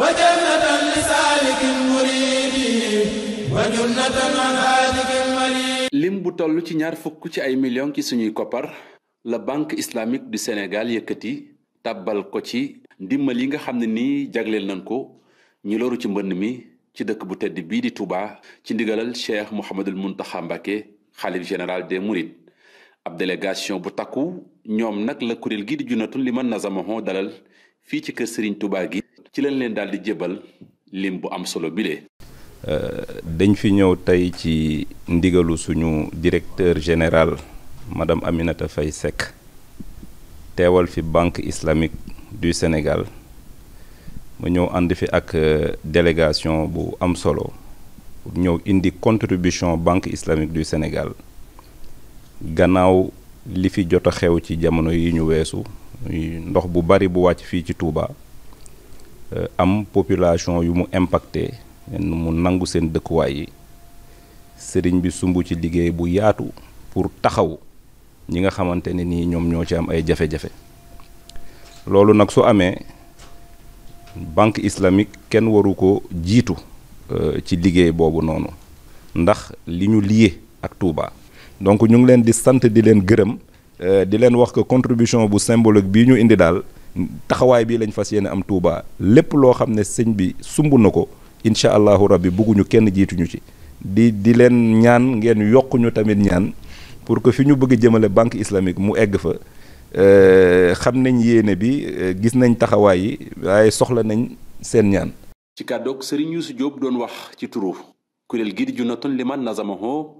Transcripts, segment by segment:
wa jannatan li saalikin muridi wa jannatan an haadikin mari lim bu toll ci ñaar fukk ci ay million ci suñuy koppar la banque islamique du Sénégal yëkkati tàbbal ko ci ndimbal yi nga xam ne nii jagleel nañ ko ñu loru ci mbënn mi ci dëkk bu tedd bii di Touba ci ndigalal Cheikh Mouhamadul Mountakha Mbacké xalif général des Mourides ab délégation bu takku ñoom nag la kuréel gi di junnatul na nazamaho dalal fii ci kër Serigne tubaa gi ci lañ leen daal di jébal lim bu am solo bi bile. Euh, dañ fi ñëw tey ci ndigalu suñu directeur général madame Aminata Faye Seck teewal fi banque islamique du Sénégal mu ñëw ànd fi ak euh, délégation bu am solo ñëw indi contribution banque islamique du Sénégal gannaaw li fi jot a xew ci jamono yi ñu weesu ndox bu bari bu wàcc fii ci Touba. Euh, am population yu mu impacté mu nangu seen dëkkuwaay yi sëriñ bi sumb ci liggéey bu yaatu pour taxaw ñi nga xamante ne nii ñoom ñoo ci am ay jafe-jafe loolu nag su amee banque islamique kenn waru ko jiitu euh, ci liggéey boobu noonu ndax li ñu lié ak Touba donc ñu ngi leen di sant di leen gërëm euh, di leen wax ko contribution bu symbolique bi ñu indi daal taxawaay bii lañ fas yéene am Touba lépp loo xam ne sëñ bi sumb na ko incha allahu rabbi bugguñu kenn jiituñu ci di di leen ñaan ngeen yokk ñu tamit ñaan pour que fi ñu bëgg jëmale banque islamique mu egg fa euh, xam nañ yéene bi euh, gis nañ taxawaay yi waaye soxla nañ seen ñaan. ci kàddoog Serigne Youssou Diop doon wax ci turu kuréel gii di Junatun Liman Nazamaho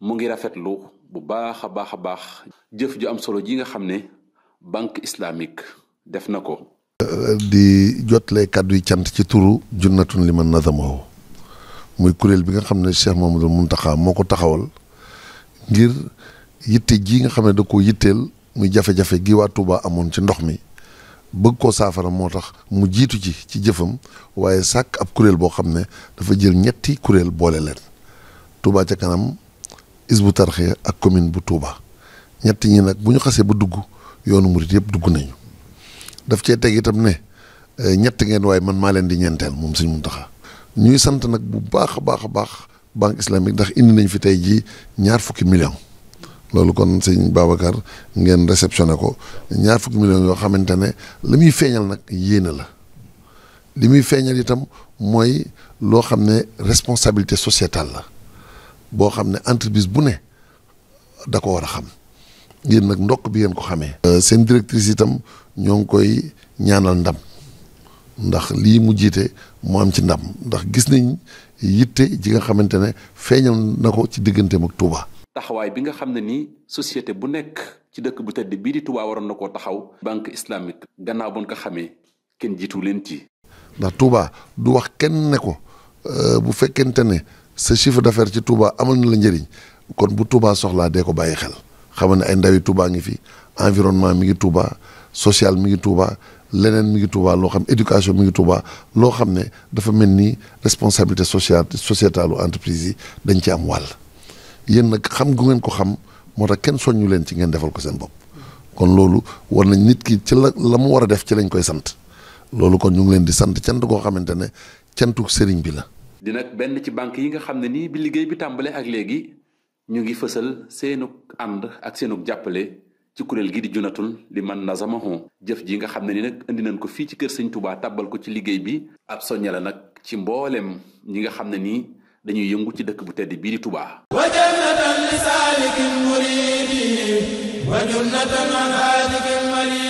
mu ngi rafetlu bu baax a baax a baax. jëf ju am solo ji nga xam ne banque islamique. def na ko. di jotle kàddu yi cant ci turu junatu li man nazamahu muy kuréel bi nga xam ne Cheikh mun Mountakha moo ko taxawal ngir yitte jii nga xam ne da ko yitteel muy jafe-jafe gi waa Touba amoon ci ndox mi bëgg koo saafara moo tax mu jiitu ci ci jëfam waaye sàkk ab kuréel boo xam ne dafa jël ñetti kuréel boole leen Touba ca kanam is bu Tarqiyyah ak commune bu Touba ñetti ñi nag bu ñu xasee ba dugg yoonu murit yëpp dugg nañu. daf cee teg itam ne eh, ñett ngeen waaye man maa leen di ñeenteel moom sëñ Muntaxa ñuy sant nag bu baax baax a baax banque islamique ndax indi nañ fi tey jii ñaar fukki million loolu kon sëñ Babacar ngeen réceptionné ko ñaar fukki million yoo xamante ne li muy feeñal nag yéene la li muy feeñal itam mooy loo xam ne responsabilité sociétale la boo xam ne entreprise bu ne da ko war a xam yéen nag ndok bi ngeen ko xamee. Euh, sen directrice itam ñong koy ñaanal ndam ndax li mu jité mo am ci ndam ndax gis nañ yitté ji nga xamantene feñal nako ci digënté mak Touba. taxaway bi nga xamné ni société bu nek ci dëkk bu tedd bi di Touba waron nako taxaw. banque islamique ganna bu ko xamé kenn jitu leen ci. ndax Touba du wax kenn ne ko euh, bu ne chiffre d'affaires ci Touba amul na la njëriñ kon bu Touba soxla dé ko bayyi xel. xam ne ay ndawi Touba ngi fi environnement mi ngi Touba social mi ngi Touba leneen mi ngi Touba loo xam éducation mi ngi Touba loo xam ne dafa mel ni responsabilité societal sociétale entreprise yi dañ ci am wàll yéen nag xam gu ngeen ko xam moo tax kenn soññu leen ci ngeen defal ko seen bopp kon loolu war nañ nit ki ci la la mu war a def ci lañ koy sant loolu kon ñu ngi leen di sant cant koo xamante ne cantuk sëriñ bi la. di nag benn ci banque yi nga xam ne nii bi liggéey bi tàmbalee ak léegi. ñu ngi fësal seenug ànd ak seenug jàppale ci kuréel gi di junatul li man nazamahon jëf ji nga xam ne ni nag indi nañ ko fii ci kër sëñ tubaa tabal ko ci liggéey bi ab soñña nag ci mboolem ñi nga xam ne nii dañuy yëngu ci dëkk bu tedd bii di Touba wa